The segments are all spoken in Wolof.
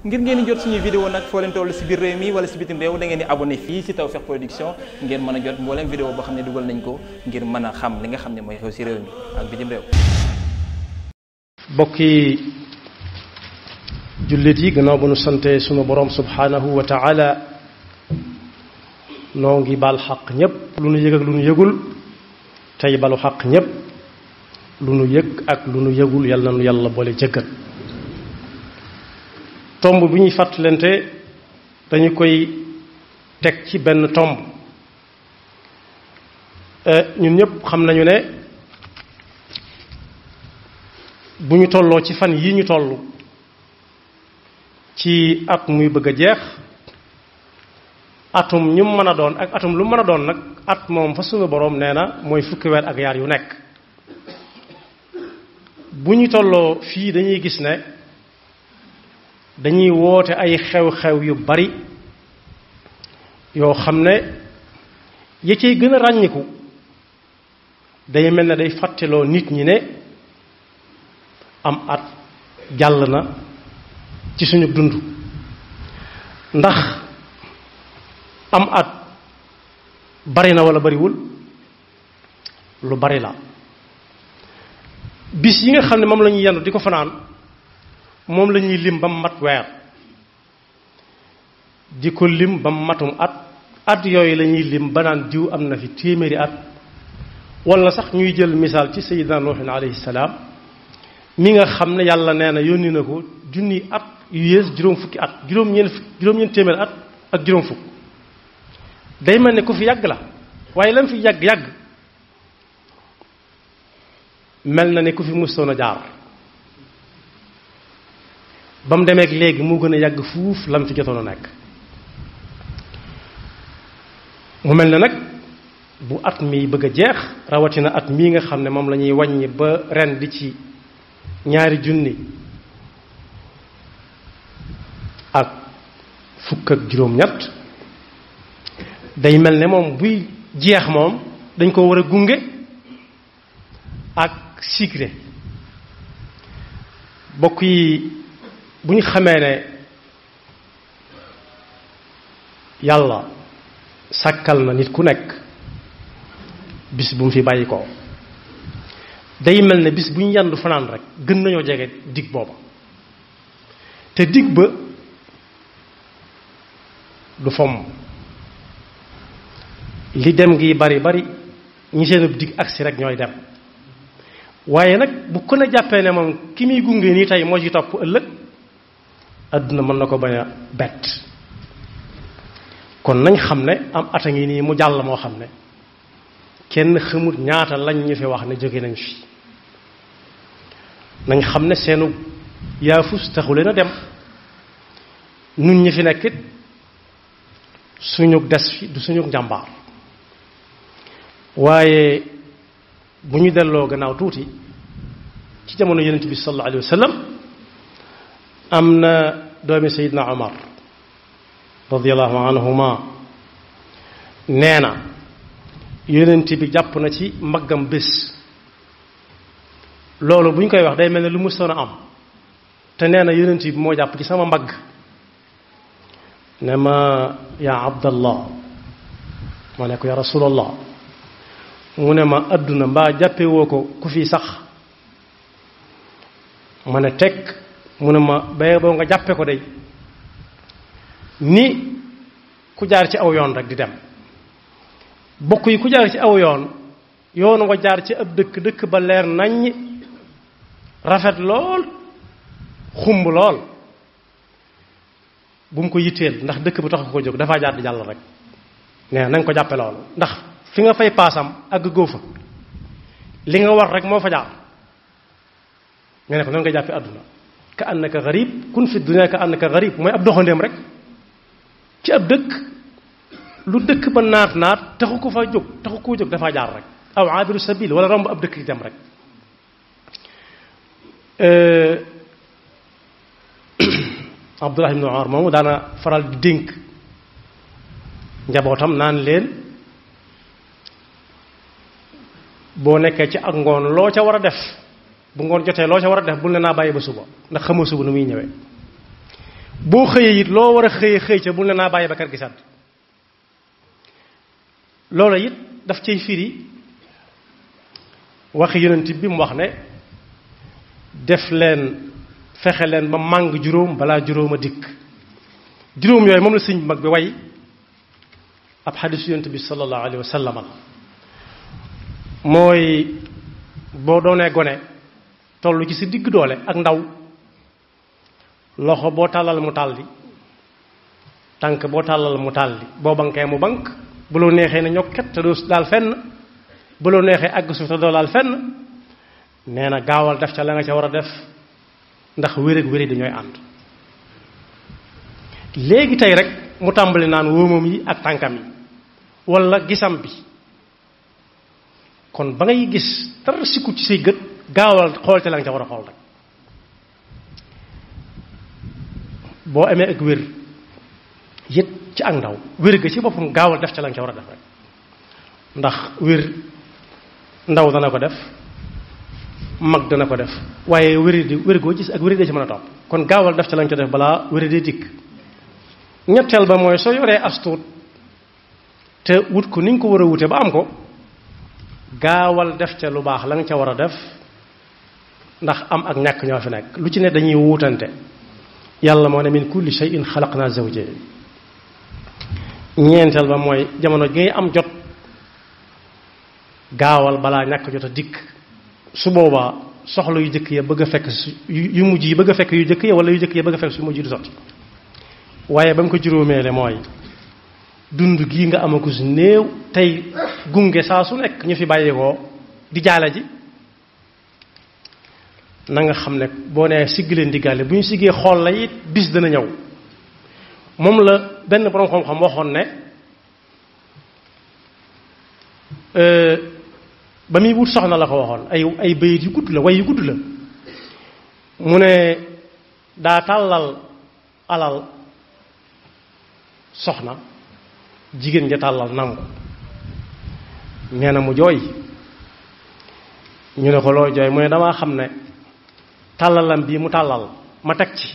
ngir ngeen di jot suñuy vidéo nag foo leen toll si biir réew mi wala si bitim réew da ngeen di abonné fii si Tawfekh Production ngeen mën a jot mbooleem vidéo boo xam ne dugal nañ ko ngir mën a xam li nga xam ne mooy xew si réew mi ak bitim réew bokki jullit yi gannaaw ba nu sante sunu borom subhanahu wa taala noo ngi baal xaq ñépp lu nu yëg ak lu nu yëgul tey balu xaq ñépp lu nu ak lu nu yëgul yàlla na nu yàlla boole jëggal tomb bi ñuy fàttalante dañu koy teg ci benn tomb euh, ñun ñëpp xam nañu ne bu ñu tolloo ci fan yii ñu toll ci at muy bëgg a jeex atum ñu mën a doon ak atum lu mën a doon nag at moom fa suñu boroom nee na mooy fukki weer ak yaar yu nekk bu ñu tolloo fii dañuy gis ne dañuy woote ay xew-xew yu bari yoo xam ne ya cay gën a ràññiku day mel ne day fàtteloo nit ñi ne am at jàll na ci suñu dund ndax am at bari na walla bariwul lu bari la bis yi nga xam ne moom la ñuy yendu di ko fanaan moom la ñuy lim ba mu mat weer di ko lim ba mu matum at at yooyu lañuy lim banaan naan diw am na fi téeméeri at wala sax ñuy jël misaal ci sayyidina nuuhin alayhi mi nga xam ne yàlla nee na yónni na ko junni at yu yées juróom fukki at juróom ñeen fukk juróom ñeen téeméeri at ak juróom fukk day mel ne ku fi yàgg la waaye lam fi yàgg yàgg mel na ne ku fi musoon a ba mu demeek léegi moo gën a yàgg fuuf lam fi jotoon a mu mel ne nag bu at mi bëgg a jeex rawatina at mii nga xam ne moom lañuy ñuy wàññi ba ren di ci ñaari junni ak fukk ak juróom-ñett day mel ne moom buy jeex moom dañ ko war a gunge ak sigré bokk yi bu ñu xamee ne yàlla sàkkal na nit ku nekk bis bu mu fi bàyyi day mel na bis bu ñu yandu fanaan rek gën nañoo jege dig booba te digg ba du fomm li dem gi bari bari ñi seenub dig agsi rek ñooy dem waaye nag bu ko ne jàppee ne moom ki muy gunge nii tey moo ci topp ëllëg àdduna mën na ko bañ a bett kon nañ xam ne am at a nii mu jàll moo xam ne kenn xamut ñaata lañ ñu fi wax ne jóge nañ fi nañ xam ne seenu yaafus leen a dem nun ñu fi nekkit suñu des fi du suñu njàmbaar waaye bu ñu delloo gannaaw tuuti ci jamono yonent bi sallallahu alayhi wa sallam am na doomi sayidna omar radiallahu anhuma nee na yonent bi jàpp na ci mbaggam bés loolu bu ñu koy wax day mel ni lu musoon a am te nee na yonent bi moo jàpp ci sama mbagg ne ma yaa abdallah ma ne ko yaa rasulallah mu ne ma àdduna mbaa jàppewoo ko ku fii sax ma ne tekk mu ne ma baye boo nga jàppe ko day nii ku jaar ci aw yoon rek di dem bokk yi ku jaar ci aw yoon yoonu nga jaar ci ab dëkk dëkk ba leer naññ rafet lool xumb lool bu mu ko yitteel ndax dëkk bu tax ko jóg dafaa jaar di jàll rek nee na ko jàppe loolu ndax fi nga fay paasam ak góo li nga war rek moo fa jaar nga ne ko noonu nga jàppe àdduna ka annaka garib kun fi dunya ka annaka mooy ab doxandeem rek ci ab dëkk lu dëkk ba naat naat taxu ko fa jóg taxu koo jóg dafaa jaar rek aw aabiru sabil wala romb ab dëkk di dem rek Abdullah ibn daana faral di dénk njabootam naan leen boo nekkee ci ak ngoon loo ca war a def bu ngoon jotee loo ca war a def bul ne naa bàyyi ba suba ndax xamoo suba nu muy ñëwee boo xëyee it loo war a xëyee xëy ca bul ne naa bàyyi ba kër gi sàdd loola it daf cay firi waxi yonent bi mu wax ne def leen fexe leen ba màng juróom balaa juróom dikk juróom yooyu moom la sëñ mag bi way ab xadis yonent bi sallallahu alayhi wa sallam la mooy boo doonee gone toll ci sa digg doole ak ndaw loxo boo tàllal mu tàll tàlli tànk boo tàllal mu tàlli boo bankee mu bank bu loo neexee ne ñokket te doo daal fenn bu loo neexee àgg suuf te doo laal fenn nee na gaawal def ca la nga ca war a def ndax wér ak dañooy ànd léegi tey rek mu tàmbali naan wóomam yi ak tànkam yi walla gisam bi kon ba ngay gis tarsiku ci say gët gaawal xool ca la ca war a xool rek boo amee ak wér yit ci ak ndaw wér ga ci boppam gaawal def ca la nga ca war a def rek ndax wér ndaw dana ko def mag dana ko def waaye wéri di wér goo gis ak wéri dee ci mën a topp kon gaawal def ca la nga ca def balaa wéri dee dikk ñetteel ba mooy soo yoree astuut te wut ko ni nga ko war a wute ba am ko gaawal def ca lu baax la nga ca war a def ndax am ak ñàkk ñoo fi nekk lu ci ne dañuy wuutante yàlla moo ne min kulli shay'in xalaq naa zawjayn ñeenteel ba mooy jamono ji ngay am jot gaawal balaa ñàkk jot a dikk su boobaa soxla yu jëkk ya bëgg a fekk yu mujj yi bëgg a fekk yu jëkk ya wala yu jëkk ya bëgg a fekk su mujj du sotti waaye ba mu ko juróomeele mooy dund gii nga amagus néew tey gunge saa su nekk ñu fi bàyyeekoo di jaale ji nanga xam ne boo nee sigg leen diggaale bu ñu siggee xool la it bis dana ñëw moom la benn borom xam-xam waxoon ne euh, ba muy wut soxna la ko waxoon ay ay bayit yu gudd la way yu gudd la mu ne daa tàllal alal soxna jigéen ja tàllal nangu nee na mu jooy ñu ne ko loo jooy mu ne damaa xam ne tàllalam bii mu tàllal ma teg ci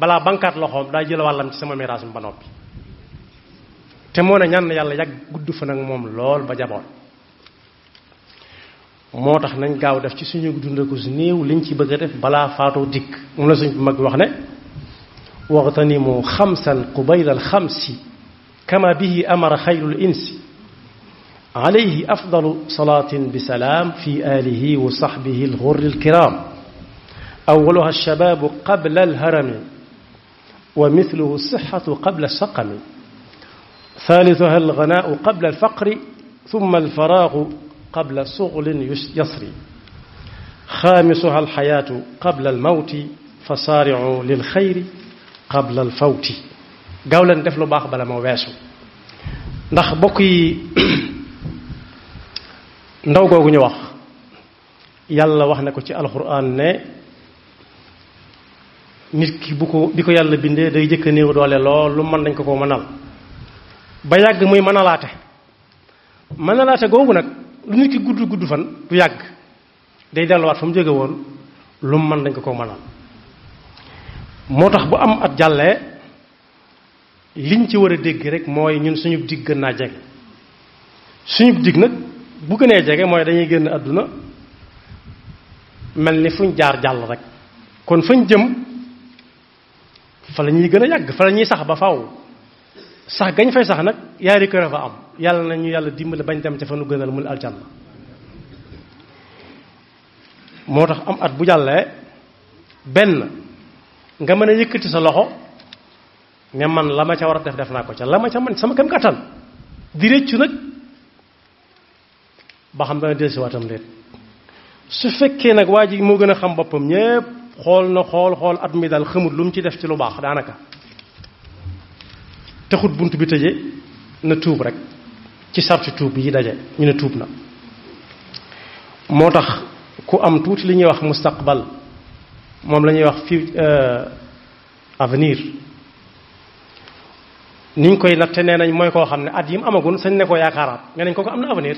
balaa bankaat loxoom daa jël wàllam ci sama miraas mi ba noppi te moo ne ñaan na yàlla yàgg gudd fa nag moom lool ba jaboon moo tax nañ gaaw def ci suñu dundaku si néew liñ ci bëgg a def balaa faatoo dikk moom la suñ mag wax ne waxtanimu xamsan qubaylal xamsi kama bihi amara xayrul insi alayhi afdalu salaatin bi salaam fi alihi wa saxbihi alxurri alkiraam أولها الشباب قبل الهرم ومثله الصحة قبل السقم ثالثها الغناء قبل الفقر ثم الفراغ قبل شغل يسري خامسها الحياة قبل الموت فسارعوا للخير قبل الفوت gaaw leen def lu baax bala moo weesu ndax bokk yi ndaw googu ñu wax yàlla wax na ko ci alxuraan ne nit ki bu ko bi ko yàlla bindee day jëkk a néew doole lool lu mën dañ ko ko mënal ba yàgg muy mënalaate mënalaate googu nag lu nit ki gudd gudd fan du yàgg day delluwaat fa mu jóge woon lu mën dañ ko ko mënal moo tax bu am at jàllee liñ ci war a dégg rek mooy ñun suñu digg gën naa jege suñu digg nag bu gënee jege mooy dañuy génn àdduna mel ni fuñ jaar jàll rek kon fañ jëm fa la gën a yàgg fa la ñuy sax ba faw sax gañ fay sax nag yaari kër fa am yàlla na ñu yàlla dimbali bañ dem ca fa nu gënal muy aljanna moo tax am at bu jàllee benn nga mën a yëkkati sa loxo ne man la ma ca war a def def naa ko ca la ma ca man sama kam kàttan di réccu nag ba xam dana dellusiwaatam déet su fekkee nag waa ji moo gën a xam boppam ñépp xool na xool xool at mi daal xamut lu mu ci def ci lu baax daanaka taxut bunt bi tëje na tuub rek ci sarti tuub yi daje ñu ne tuub na moo tax ku am tuuti li ñuy wax mustaqbal moom la ñuy wax fi euh, avenir niñ koy natte nee nañ mooy koo xam ne at yim amagun sañ ne ko yaakaaraat nga nañ ko am na avenir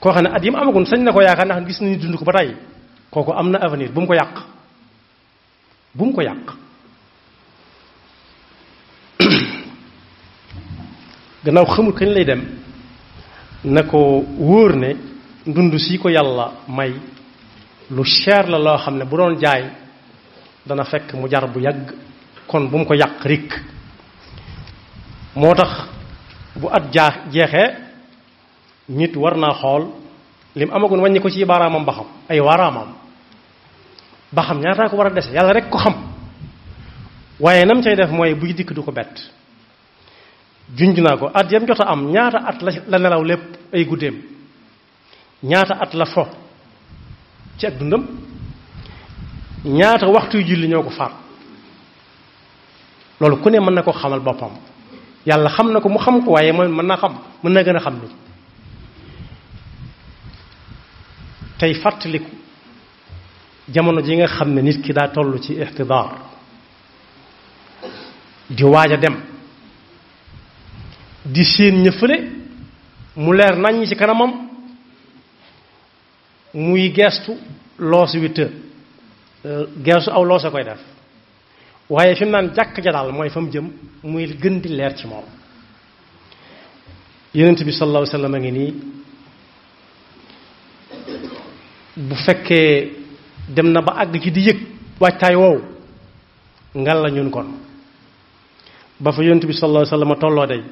koo xam ne at yim amagun ne ko yaakaar ndax gis nañu dund ko ba tey kooku am na avenir bu mu ko yàq bu mu ko yàq gannaaw xamul kañ lay dem na ko wóor ne ndund si ko yàlla may lu cher la loo xam ne bu doon jaay dana fekk mu jar bu yàgg kon bu mu ko yàq rikk moo tax bu at jaa jeexee nit war naa xool lim amagun wàññi ko ci baaraamam baxam ay waaraamam baxam ñaataa ko war a dese yàlla rek ko xam waaye nam cay def mooy buy dikk du ko bett junj naa ko at yam jot a am ñaata at la nelaw lépp ay guddeem ñaata at la fo ci ak dundam ñaata waxtu yu julli ñoo ko faat loolu ku ne mën na koo xamal boppam yàlla xam na ko mu xam ko waaye mën naa xam mën na gën a xam ni tey fàttaliku jamono ji nga xam ne nit ki daa toll ci ixtidaar di waaj dem di séen ña mu leer nañ ci kanamam muy geestu loos wi të euh, geestu aw loose koy def waaye fi naan jàkk ja daal mooy fa mu jëm muy gën di leer ci moom yonent bi sallallahu alayhi wa a ngi nii bu fekkee dem na ba àgg ci di yëg waajtaay woowu ngal la ñun kon ba fa yonent bi sallallahu alayhi wasallam tolloo day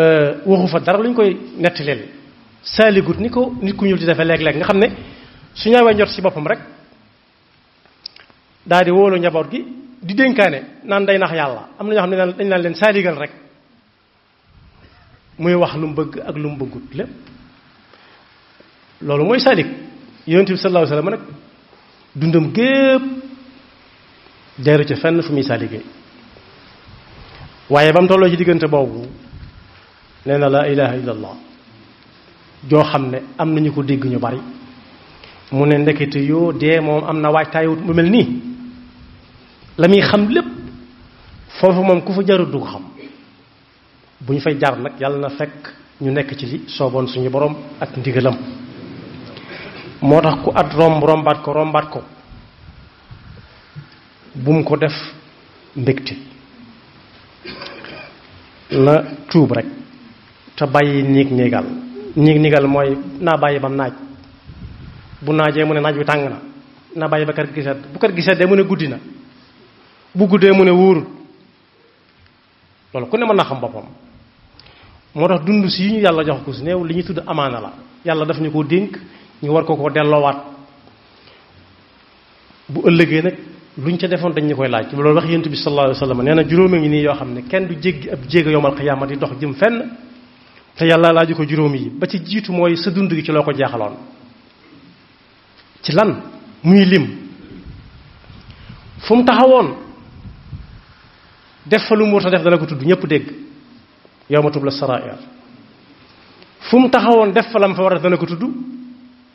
euh, waxu fa dara lu ñu koy nettileel saaligut ni ko nit ku ñuul di defee léeg-léeg nga xam ne su ñaawee njot ci boppam rek daal di wóolu njaboot gi di dénkaane naan dey nax yàlla am na ñoo xam ne dañ naan leen saaligal rek muy wax lu mu bëgg ak lu mu bëggut lépp loolu mooy salik yonent bi sallallahu alayhi wa sallam nag dundam gépp deeru ci fenn fu muy salikee waaye ba mu tolloo ci diggante boobu nee na laa ilaha illa joo xam ne am nañu ko dégg ñu bari mu ne ndekete yoo dee moom am na waajtaayut mu mel nii la muy xam lépp foofu moom ku fa jarut du ko xam bu ñu fay jaar nag yàlla na fekk ñu nekk ci li sooboon suñu borom ak ndigalam moo tax ku at romb rombaat ko rombaat ko bum ko def mbégte na tuub rek te bàyyi niig niigal niig niigal mooy naa bàyyi ba naaj bu naajee mu ne naaj wi tàng na na bàyyi ba kër gi sedd bu kër gi seddee mu ne guddi na bu guddee mu ne wóorul loolu ku ne mën na xam boppam moo tax dund si yi ñu yàlla jox ko si néew li ñu tudd amaana la yàlla daf ñu ko dénk ñu war ko ko delloowaat bu ëllëgee nag luñ ca defoon dañ ñu koy laaj loolu wax yént bi sallallahu alayhi wa sallam nee na juróomi ngi nii yoo xam ne kenn du jéggi ab jéega yomal xiyaama di dox jëm fenn te yàlla laaju ko juróomi yi ba ci jiitu mooy sa dund gi ci loo ko jaaxaloon ci lan muy lim fu mu taxawoon def fa lu def dana ko tudd ñëpp dégg yow ma tub la sarair mu def fa lam war def dana ko tudd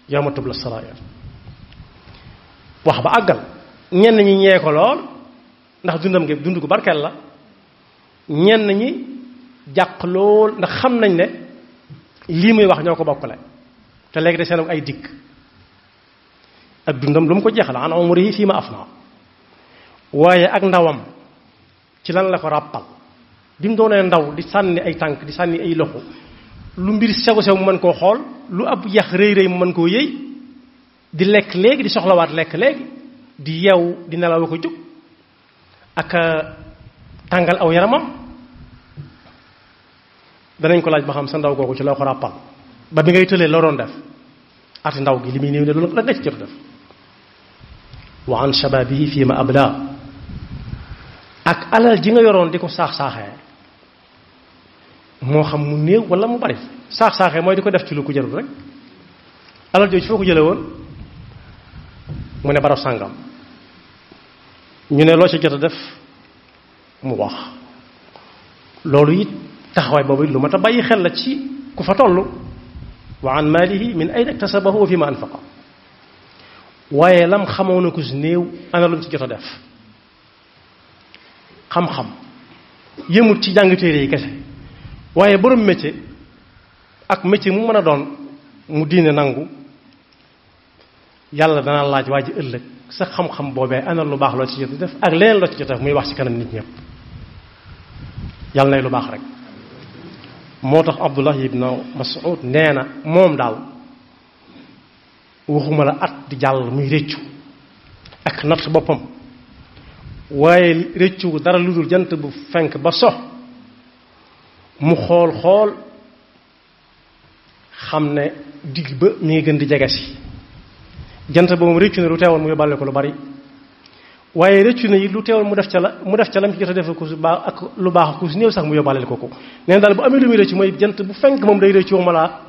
yow ma tub la saraayir wax ba àggal ñenn ñi ñee ko lool ndax dundam gi dund ko barkeel la ñenn ñi jàq lool ndax xam nañ ne lii muy wax ñoo ko bokkale te léegi de seen ay dikk ak dundam lu mu ko jeexal an umrihi fii ma afna waaye ak ndawam ci lan la ko ràppal bi mu doonee ndaw di sànni ay tànk di sànni ay loxo lu mbir sew-sew mu mën koo xool lu ab yax rëy-rëy mu mën koo yëy di lekk léegi di soxlawaat lekk léegi di yeew di nelaw ko jóg ak tàngal aw yaramam danañ ko laaj ba xam sa ndaw googu ci loo ko ràppal ba bi ngay tëlee loo doon def ati ndaw gi li muy néew ne loolu la nga ci jot def wa an shababihi fii ma abla ak alal ji nga yoroon di ko saax-saaxee moo xam mu néew walla mu bari saax saaxee mooy di ko def ci lu ko jarul rek alal jooju foo ko jële woon mu ne barab sàngam ñu ne loo ci jot a def mu wax loolu it taxawaay boobu lu mat a bàyyi xel la ci ku fa toll wa an maalihi min ayna iktasabahu wa fi ma anfaqa waaye lam xamoon na ko si néew ana lu ci jot a def xam-xam yëmut ci jàng téere yi kese waaye borom métier ak métier mu mën a doon mu diine nangu yàlla danaa laaj waa ji ëllëg sa xam-xam boobee ana lu baax loo ci jot def ak leneen loo ci jot def muy wax ci kanam nit ñëpp yàlla nay lu baax rek moo tax Abdullah ibn Mas'ud nee na moom daal waxuma la at di jàll muy réccu ak natt boppam waaye réccu dara lu dul jant bu fenk ba so mu xool xool xam ne digg ba mi ngi gën di jege si jant ba moom rëccu na lu teewoon mu yóbbaale ko lu bari waaye rëccu na yi lu teewoon mu def ca la mu def ca la mu ci jot a defal baax ak lu sax mu yóbbaale ko ko nee daal bu amee lu muy rëccu jant bu fenk moom day rëccu ma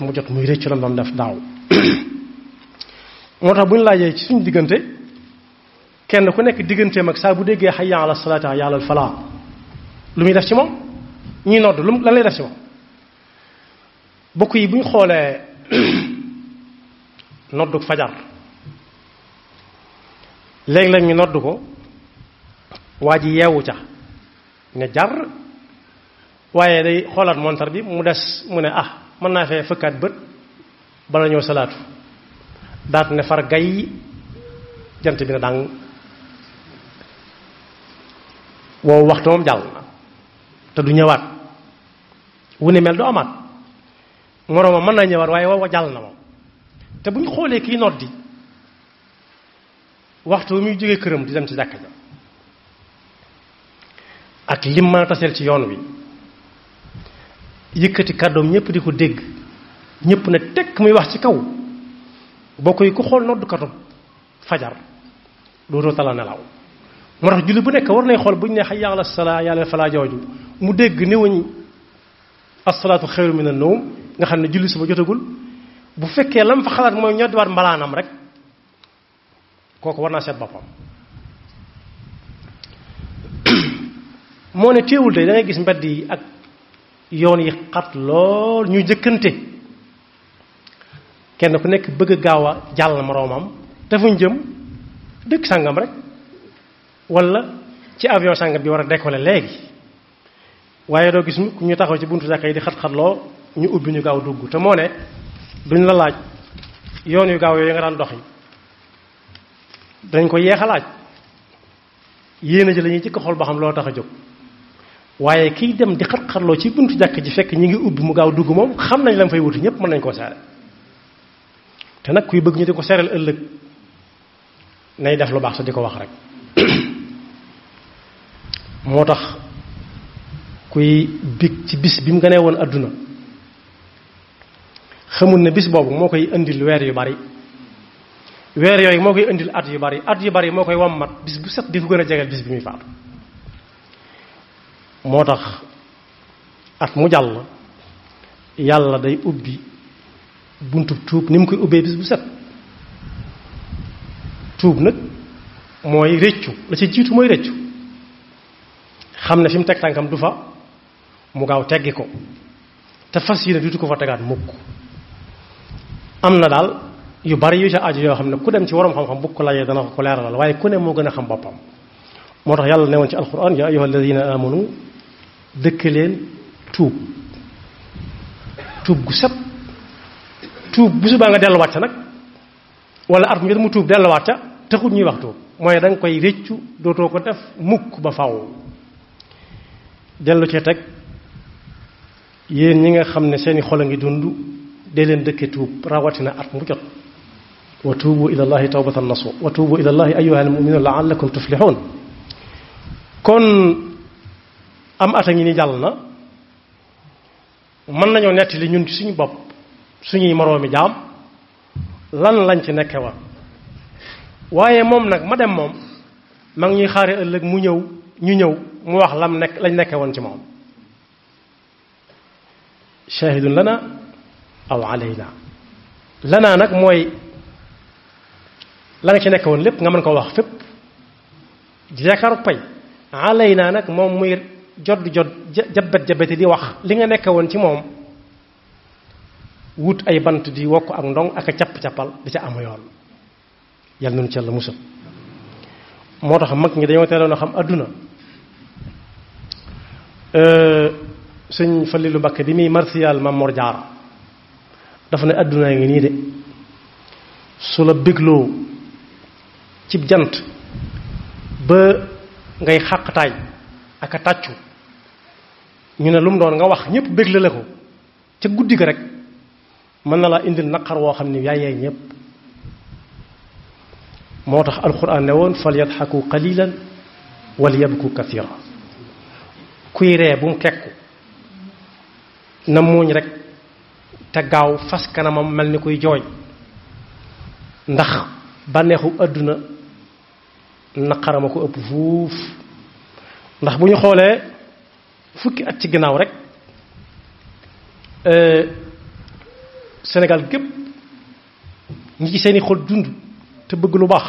mu jot muy rëccu la mu doon def daaw moo tax bu ñu laajee ci suñu diggante kenn ku nekk digganteem ak saa bu déggee hayya ala salaati hayya ala falaa lu muy def ci moom ñuy nodd lu lan lay def ci moom bokk yi bu ñu xoolee nodduk fajar léegi léeg ñu nodd ko waa ji yeewu ca ne jar waaye day xoolaat montar bi mu des mu ne ah mën naa fee fëkkaat bët bala ñëw salaatu daat ne far gay jant bi na dàng woowu waxtu moom jàll na te du ñëwaat wu ne mel du amaat moroomam mën naa ñëwaat waaye woowa jàll na moom te bu ñu xoolee kii noddi waxtu muy jógee këram di dem ci jàkka ja ak lim mën a taseel ci yoon wi yëkkati kàddoom ñëpp di ko dégg ñëpp ne tekk muy wax ci kaw boo koy ku xool noddukatu fajar dootoo tala nelaw moo tax julli bu nekk war nay xool bu ñu ne xay yàlla salaa yàlla falaa jooju mu dégg newuñ asalaatu xayru mi an nawm nga xam ne julli suba jotagul bu fekkee lam fa xalaat mooy ñoddiwaat mbalaanam rek kooku war naa seet boppam moo ne téewul de da gis mbedd yi ak yoon yi xat lool ñu jëkkante kenn ku nekk bëgg a gaaw a jàll moroomam te jëm dëkk sàngam rek wala ci avion sàngam bi war a dekole léegi waaye doo gis ku ñu taxaw ci buntu jàkka yi di xat-xatloo ñu ubbi ñu gaaw dugg te moo ne duñ la laaj yoon yu gaaw yooyu nga daan yi dañ ko yeex a laaj yéena ji jëkk xool boo xam loo tax a jóg waaye kiy dem di xat-xatloo ci buntu jàkk ji fekk ñi ngi ubbi mu gaaw dugg moom xam nañ la mu fay wuti ñépp mën nañ koo seere te nag kuy bëgg ñu di ko seeral ëllëg nay def lu baax sa di ko wax rek moo tax kuy big ci bis bi mu gënee woon àdduna xamul na bis boobu moo koy indil weer yu bari weer yooyu moo koy indil at yu bari at yu bari moo koy wammat bis bu set di ko gën a jegeel bis bi muy faatu moo tax at mu jàll yàlla day ubbi buntu tuub ni mu koy ubbee bis bu set tuub nag mooy réccu la ci jiitu mooy réccu xam ne fi mu teg tànkam du fa mu gaaw teggi ko te fas yéene dutu ko fa tegaat mukk am na daal yu bari yu ca aju yoo xam ne ku dem ci waroom xam-xam bu ko laajee dana ko ko leeralal waaye ku ne a xam boppam moo tax yàlla ne woon ci alquran ya leen tuub tuub gu set tuub bu nga delluwaat ca nag wala at mu jot mu tuub delluwaat ca taxut ñuy wax tuub mooy da koy réccu dootoo ko def mukk ba faw dellu ci teg yéen ñi nga xam ne seeni xol a ngi dund dee leen dëkke tuub rawatina at mu jot wa tuubu ila llahi tawbatan nasuha wa tuubu ila llahi ayuha almuminuuna laallakum tuflixuun kon am at a ngi ni jàll na mën nañoo li ñun ci suñu bopp suñuy moroomi jaam lan lañ ci nekke wa waaye moom nag ma dem moom ma ñuy xaare ëllëg mu ñëw ñu ñëw mu wax lam nekk lañ nekke woon ci moom shahidun lana aw alayna lanaa nag mooy la nga ci nekk woon lépp nga mën koo wax fépp yaakaaru pay naa nag moom muy jot jot jabet jabeti di wax li nga nekk woon ci moom wut ay bant di wokk ak ndong ak a capp cappal di ca amu yoon yàlla nunu ci musal moo tax mag ñi dañoo teeloon a xam àdduna euh, sëñ Falilu Bakke bi muy martial Maam Mor Jaara dafa ne àddunaa ngi nii de su la bégloo cib jant ba ngay xàqtaay ak a tàccu ñu ne lum doon nga wax ñépp béglale ko ca guddi ga rek mën na laa indil naqar woo xam ne yaayee ñëpp moo tax alquran ne woon fal yadxaku qalilan wal yabku kathira kuy ree bu mu kekku na muuñ rek te gaaw fas kanamam mel ni kuy jooy ndax bànneexu àdduna naqarama ko ëpp fuuf ndax bu ñu xoolee fukki at ci gannaaw rek euh, Sénégal gépp ñi ci seeni xol dund te bëgg lu baax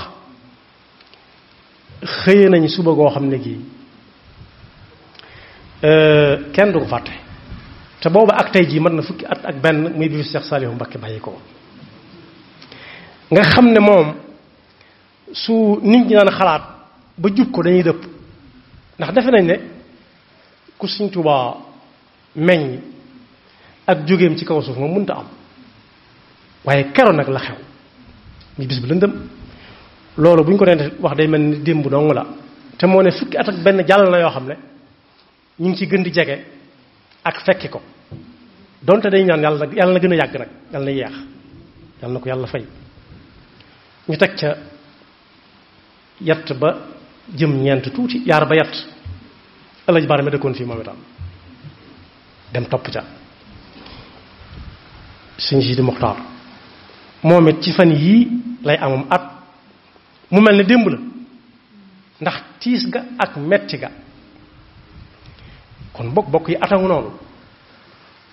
xëyee nañu suba goo xam ne gii euh, kenn du ko fàtte te booba ak tey jii mën na fukki at ak benn muy bi fi Cheikh Saliou Mbacké bàyyi ko nga xam ne moom su nit ñi daan xalaat ba jub ko dañuy dëpp ndax defe nañ ne ku Sëriñ Tuubaa meññ ak jógeem ci kaw suuf moom mënta am waaye keroon nag la xew muy bis bu lëndëm loolu bu ñu ko dee wax day mel ni démb dong la te moo ne fukki at ak benn jàll na yoo xam ne ñu ngi ci gën di jege ak fekki ko donte day ñaan yàlla yàlla na gën a yàgg nag yàlla na yeex yàlla na ko yàlla fay ñu teg ca yett ba jëm ñeent tuuti yaar ba yett ëllëg baara mi dëkkoon fii moom itam dem topp ca sëñ Sidi Muxtaar moom it ci fan yii lay amam at mu mel ni démb la ndax tiis ga ak metti ga kon bokk bokk yi ataw noonu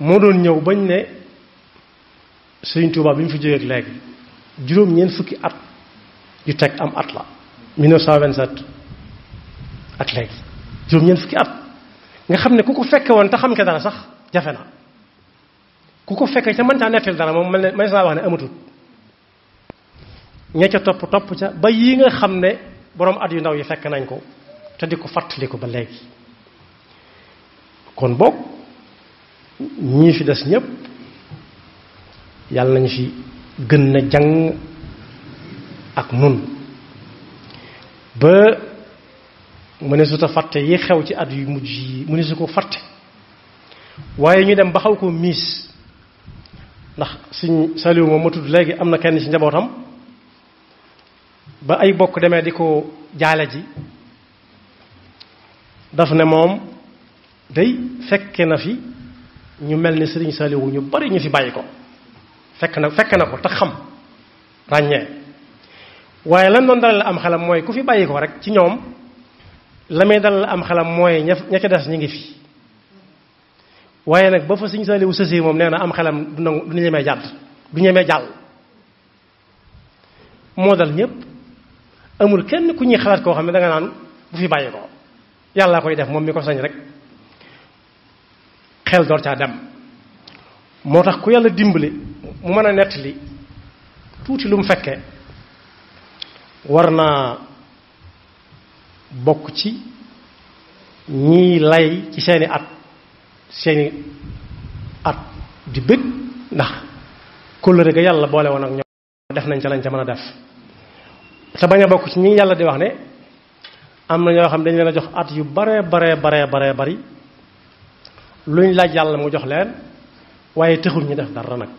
moo doon ñëw bañ ne Sëriñ Tuubaa bi mu fi jógee léegi juróom ñeent fukki at yu teg am at la 1927 ak léegi juróom ñeent fukki at nga xam ne ku ko fekke woon te xam ke dara sax jafe na ku ko fekke te mën caa nettali dara moom mel ne mën saa wax ne amatul ña ca topp topp ca ba yi nga xam ne borom at yu ndaw yi fekk nañ ko te di ko fàttaliku ba léegi kon boog ñii fi des ñépp yàlla nañu fi gën na jàng ak nun ba mu ne suta fàtte yi xew ci at yu mujj yi mu ne su ko fàtte waaye ñu dem ba xaw ko miis ndax suñ saliwu moom ma tudd léegi am na kenn ci njabootam ba ay bokk demee di ko jaale ji daf ne moom day fekke na fi ñu mel ni sëriñ Saliou ñu bari ñu fi bàyyi ko fekk na fekk na ko te xam ràññee waaye lan doon dalal am xelam mooy ku fi bàyyi ko rek ci ñoom la may dalal am xelam mooy ña ña ca des ñu ngi fi waaye nag ba fa Serigne Saliou sësee moom nee na am xelam du nangu du ñemee jàdd du ñemee jàll moo dal ñépp amul kenn ku ñuy xalaat koo xam ne danga naan bu fi bàyyi ko yàlla koy def moom mi ko sañ rek xel door caa dem moo tax ku yàlla dimbali mu mën a nettali tuuti lu mu fekkee war naa bokk ci ñiy lay ci seeni at seeni at di bëgg ndax kóllëre ga yàlla boole woon ak ñoom def nañ ca lañ ca mën a def sa bañ a bokk ci ñi yàlla di wax ne am na ñoo xam dañ leen a jox at yu bare bare bare bare bari luñ laaj yàlla mu jox leen waaye taxul ñu def dara nag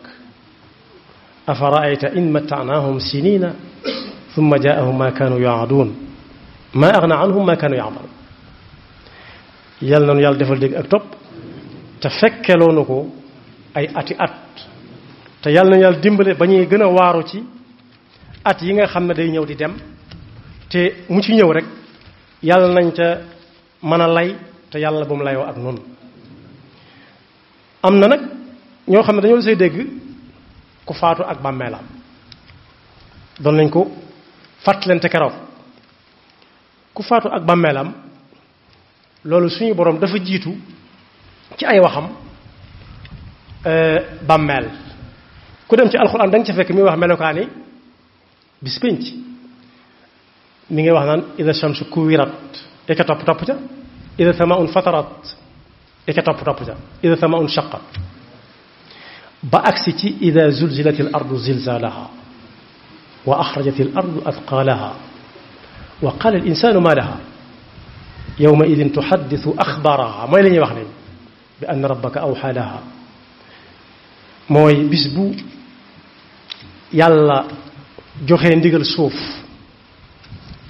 afa raayta in mattaanaahum sinina thumma jaahum ma kaanu yuaadun ma agna yàlla noonu ak topp te fekkeloonu ko ay ati at te yàlla nañu yàlla dimbale ba ñuy gën a waaru ci at yi nga xam ne day ñëw di dem te mu ci ñëw rek yàlla nañ ca mën a lay te yàlla bu mu layoo ak noonu am na nag ñoo xam ne dañoo say dégg ku faatu ak bàmmeelam doon nañ ko fàttalante keroog ku faatu ak bàmmeelam loolu suñu boroom dafa jiitu ci ay waxam euh, bàmmeel ku dem ci alxuraan da nga ci fekk mi wax melokaani bis pénc mu ngi wax naan ida shamsu kuwirat eka topp topp ca ida sama un fatarat li ca topp topp ca ida sama un shaqa ba agsi ci ida zulzilatil ardu zilzalaha wa axrajatil ardu athqalaha wa qala al insanu ma laha yowma idin tuxaddisu axbaaraha mooy li ñuy wax ne bi ann rabbaka awxa laha mooy bis bu yàlla joxe ndigal suuf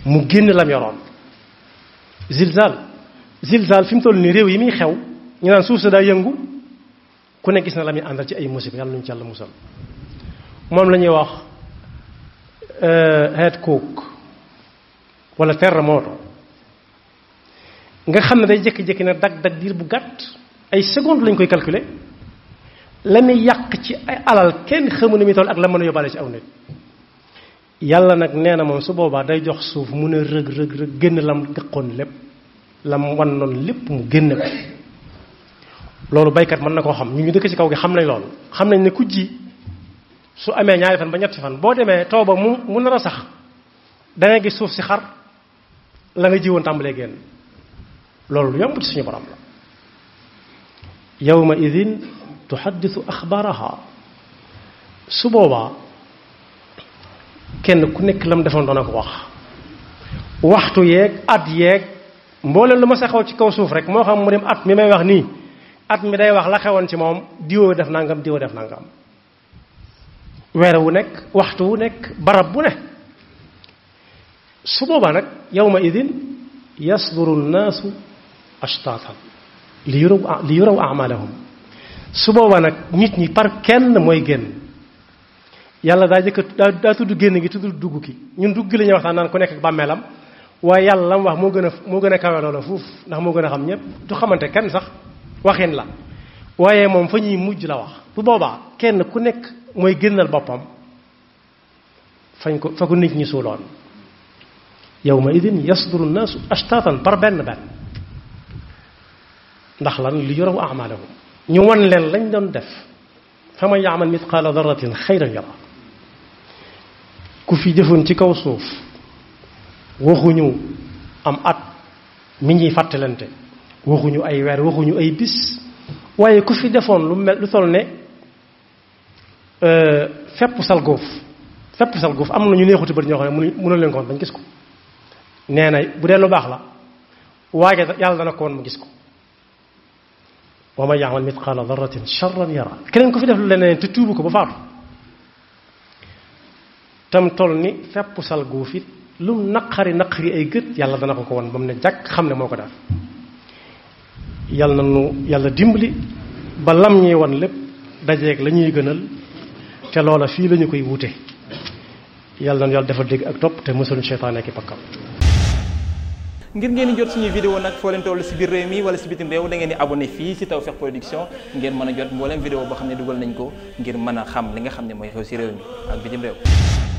mu génn lam yoroon zilzal zilzal fi mu toll nii réew yi muy xew ñu naan suuf sa daa yëngu ku ne gis na la muy àndal ci ay musiba yàlla nañu ci yàlla musal moom la ñuy wax euh, earthquake wala terremoto nga xam ne day jékki-jékki ne dag dag diir bu gàtt ay seconde lañ koy calculer la muy yàq ci ay alal kenn xamu ne mi toll ak la mën a yóbbaale ci aw nit yàlla nag nee na moom su boobaa day jox suuf mu ne rëg rëg rëg génn la dëqoon lépp la wan noonu lépp mu génn ko loolu baykat mën na koo xam ñu ngi dëkk ci kaw gi xam nañ loolu xam nañ ne ku ji su amee ñaari fan ba ñetti fan boo demee taw ba mu mu nar a sax da ngay gis suuf si xar la nga jiwoon tàmbalee génn loolu lu yomb ci suñu borom la yawma idin tuxaddisu axbaaraha su boobaa kenn ku nekk lam defoon doona ko wax waxtu yeeg at yeeg mboolem lu ma sa xaw ci kaw suuf rek moo xam mu dem at mi may wax nii at mi day wax la xewoon ci moom diwoo def nangam diwoo def nangam weer wu nekk waxtu wu nekk barab bu ne su boobaa nag yawma idin yasduru nnaasu ashtaatan li yuraw li yuraw amalahum su boobaa nag nit ñi par kenn mooy génn yàlla daa jëkk daa daa tudd génn gi tudd dugg ki ñun dugg la ñuy waxtaan naan ku nekk ak bàmmeelam waaye yàlla lam wax moo gën a moo gën a kawe loola fuuf ndax moo gën a xam ñëpp du xamante kenn sax waxin la waaye moom fa ñuy mujj la wax bu booba kenn ku nekk mooy génnal boppam fañ ko fa ko nit ñi suuloon yawma idin yasduru naasu ashtatan par benn benn ndax lan li yorow amaalahum ñu wan leen lañ doon def fa man yaamal mitqaala daratin xayran yara ku fi jëfoon ci kaw suuf waxuñu am at mi ñuy fàttalante waxuñu ay weer waxuñu ay bis waaye ku fi defoon lu lu toll ne euh, fepp salgoof fepp salgoof am na ñu neexuti bari ñoo xam ne mënu leen ko gis ko nee na bu dee lu baax la waaye yàlla dana ko woon mu gis ko wa man ya'mal mithqaala darratin sharran yara keneen ku fi def lu leneen te tuubu ko ba faatu tam toll ni fepp salgoof it lum naqari naqari ay gët yàlla dana ko ko woon ba mu ne jàkk xam ne moo ko daal yàlla na nu yàlla dimbali ba lam ñuy wan lépp dajeeg la ñuy gënal te loola fii lañu koy wuute yàlla na nu yàlla defal dégg ak topp te mësaluñ seytaane ak i pakkam ngir ngeen jot suñuy vidéo nag foo leen toll si biir réew mi wala si bitim réew da ngeen di abonné fii si taw Tawfekh Production ngeen mën a jot mbooleem vidéo boo xam ne dugal nañ ko ngir mën a xam li nga xam ne mooy xew si réew mi ak bitim réew